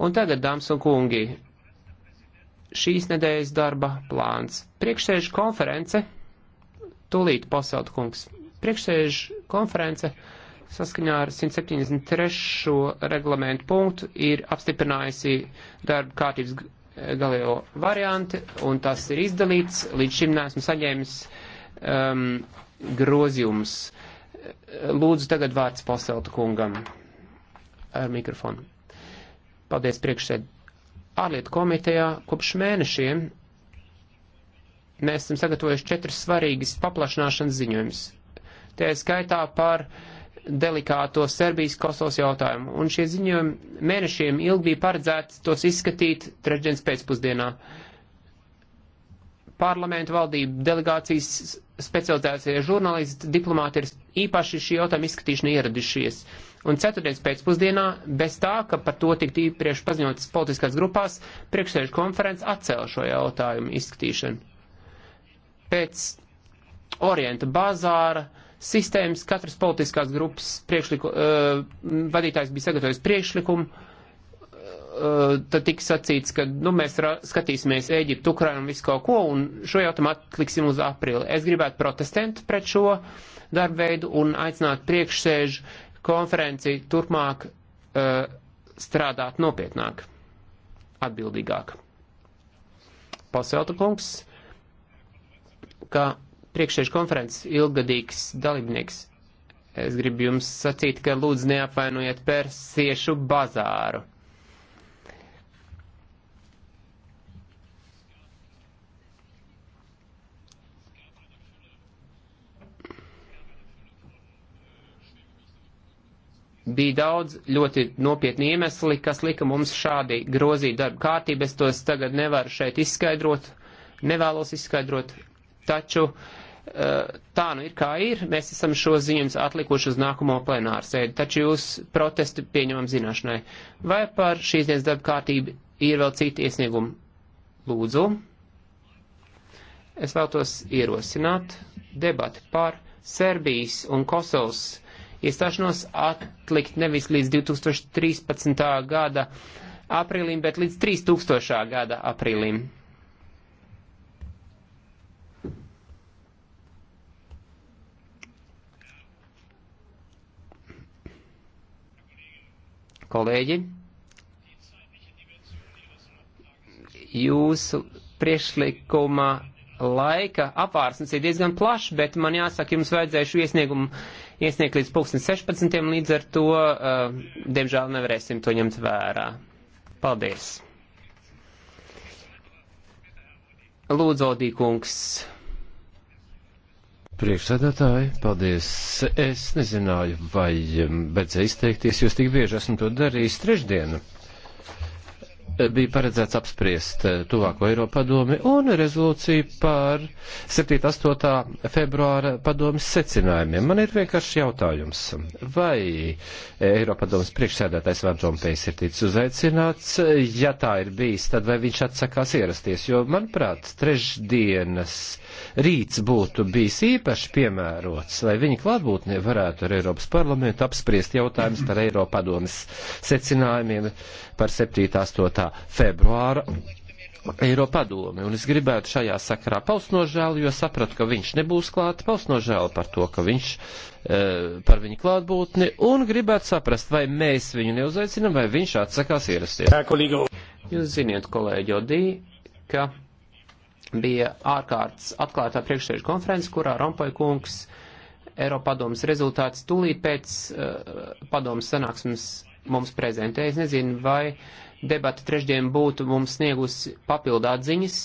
Un tagad, dāmas un kungi, šīs nedēļas darba plāns. Priekšsēžu konference, tūlīt pasaut kungs, priekšsēžu konference saskaņā ar 173. reglamentu punktu ir apstiprinājusi darba kārtības galējo varianti, un tas ir izdalīts. Līdz šim neesmu saņēmis um, grozījums. Lūdzu tagad vārds pasaut kungam ar mikrofonu. Paldies priekšsēd. Ārlietu komitejā kopš mēnešiem mēs esam sagatavojuši četras svarīgas paplašināšanas ziņojumus. Tie skaitā par delikāto Serbijas Kosovas jautājumu. Un šie ziņojumi mēnešiem ilgi bija paredzēts tos izskatīt trešdienas pēcpusdienā. Parlamentu valdību delegācijas specializētie žurnālisti, diplomāti ir īpaši šī jautājuma izskatīšana ieradušies. Un ceturtdienas pēcpusdienā, bez tā, ka par to tiktu iepriekš paziņotas politiskās grupās, priekšsēžu konferences atcēla šo jautājumu izskatīšanu. Pēc Orienta bazāra sistēmas katras politiskās grupas uh, vadītājs bija sagatavojis priekšlikumu, Eh, tad tika sacīts, ka nu, mēs skatīsimies Ēģiptu, Ukrainu un visu kaut ko, un šo jautājumu atliksim uz aprili. Es gribētu protestēt pret šo darbu veidu un aicināt priekšsēžu konferenci turpmāk uh, strādāt nopietnāk, atbildīgāk. Paselta kungs, kā priekšsēžu konferences ilgadīgs dalībnieks, es gribu jums sacīt, ka lūdzu neapvainojiet persiešu bazāru. bija daudz ļoti nopietni iemesli, kas lika mums šādi grozīt darba kārtību. Es tos tagad nevaru šeit izskaidrot, nevēlos izskaidrot, taču eh, tā nu ir kā ir. Mēs esam šo ziņojums atlikuši uz nākamo plenāru sēdi, taču jūs protestu pieņemam zināšanai. Vai par šīs dienas darba kārtību ir vēl citi iesniegumi? Lūdzu. Es vēlos ierosināt debati par Serbijas un Kosovas iestāšanos atlikt nevis līdz 2013. gada aprīlim, bet līdz 3000. gada aprīlim. kolēģi, jūsu priekšlikumā laika apvārsnes ir diezgan plašs, bet man jāsaka, jums vajadzēšu iesniegumu iesniegt līdz 2016. līdz ar to, uh, diemžēl, nevarēsim to ņemt vērā. Paldies! Lūdzu, Odīkungs. Priekšsēdētāji, paldies. Es nezināju, vai beidzēju mm, izteikties, jūs tik bieži esmu to darījis trešdienu bija paredzēts apspriest eh, tuvāko Eiropa padomi un rezolūciju par 7.8. februāra padomas secinājumiem. Man ir vienkārši jautājums, vai Eiropa padomas priekšsēdētājs Vanžompējs ir ticis uzaicināts? Ja tā ir bijis, tad vai viņš atsakās ierasties? Jo, manuprāt, trešdienas rīts būtu bijis īpaši piemērots, lai viņa klātbūtnē varētu ar Eiropas parlamentu apspriest jautājumus par Eiropa padomas secinājumiem par 7.8 februāra Eiropadome, un es gribētu šajā sakarā paust nožēlu, jo sapratu, ka viņš nebūs klāt, paust nožēlu par to, ka viņš, e, par viņu klātbūtni, un gribētu saprast, vai mēs viņu neuzaicinam, vai viņš atsakās ierasties. Jūs ziniet, kolēģi Odī, ka bija ārkārtas atklātā priekšsēžu konference, kurā Rompoja kungs Eiropadomas rezultāts tūlīt pēc uh, eh, padomas sanāksmes mums prezentēja. Es nezinu, vai debata trešdien būtu mums sniegusi papildāt ziņas.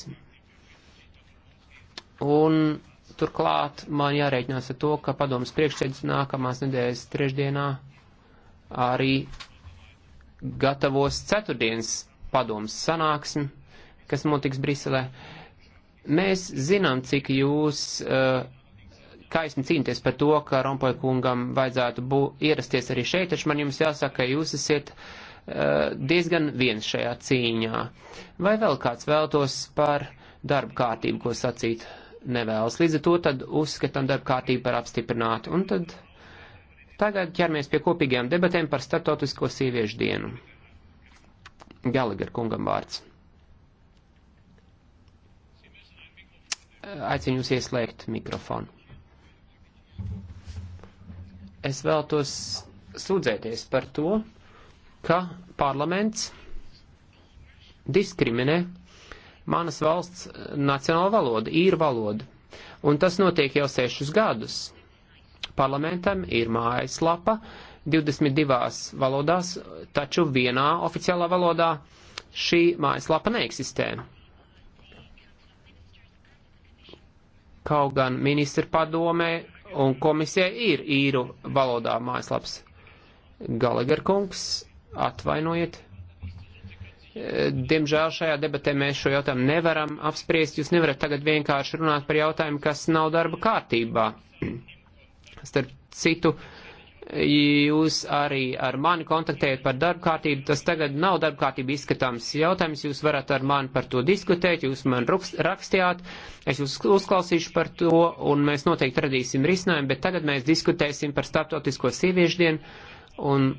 Un turklāt man jārēķinās ar to, ka padomas priekšsēdus nākamās nedēļas trešdienā arī gatavos ceturtdienas padomas sanāksmi, kas notiks Briselē. Mēs zinām, cik jūs uh, taisni cīnties par to, ka Rompoja kungam vajadzētu bū, ierasties arī šeit, taču man jums jāsaka, ka jūs esat uh, eh, diezgan viens šajā cīņā. Vai vēl kāds vēltos par darba kārtību, ko sacīt nevēlas? Līdz ar to tad uzskatām darba kārtību par apstiprinātu. Un tad tagad ķermies pie kopīgajām debatēm par startautisko sieviešu dienu. Gallagher kungam vārds. Aicinu jūs ieslēgt mikrofonu es vēltos sūdzēties par to, ka parlaments diskriminē manas valsts nacionālo valodu, īru valodu. Un tas notiek jau sešus gadus. Parlamentam ir mājaslapa 22 valodās, taču vienā oficiālā valodā šī mājaslapa neeksistē. Kaut gan ministra padomē un komisijai ir īru valodā mājaslaps. Galager kungs, atvainojiet. Diemžēl šajā debatē mēs šo jautājumu nevaram apspriest. Jūs nevarat tagad vienkārši runāt par jautājumu, kas nav darba kārtībā. Starp citu, uh, jūs arī ar mani kontaktējat par darba kārtību. Tas tagad nav darba kārtība izskatāms jautājums. Jūs varat ar mani par to diskutēt, jūs man rakstījāt, es jūs uzklausīšu par to, un mēs noteikti radīsim risinājumu, bet tagad mēs diskutēsim par starptautisko sieviešu dienu, un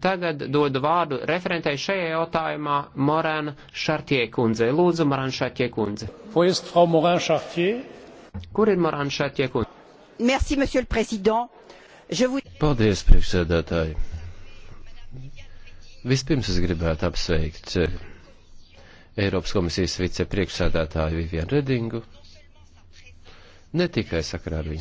tagad dodu vārdu referentei šajā jautājumā Morēna Šartie kundze. Lūdzu, Morēna Šartie kundze. Kur ir Morēna Šartie kundze? Merci, monsieur le président. Paldies, priekšsēdētāji. Vispirms es gribētu apsveikt eh, Eiropas komisijas vicepriekšsēdētāju Vivienu Redingu, ne tikai sakarā ar viņas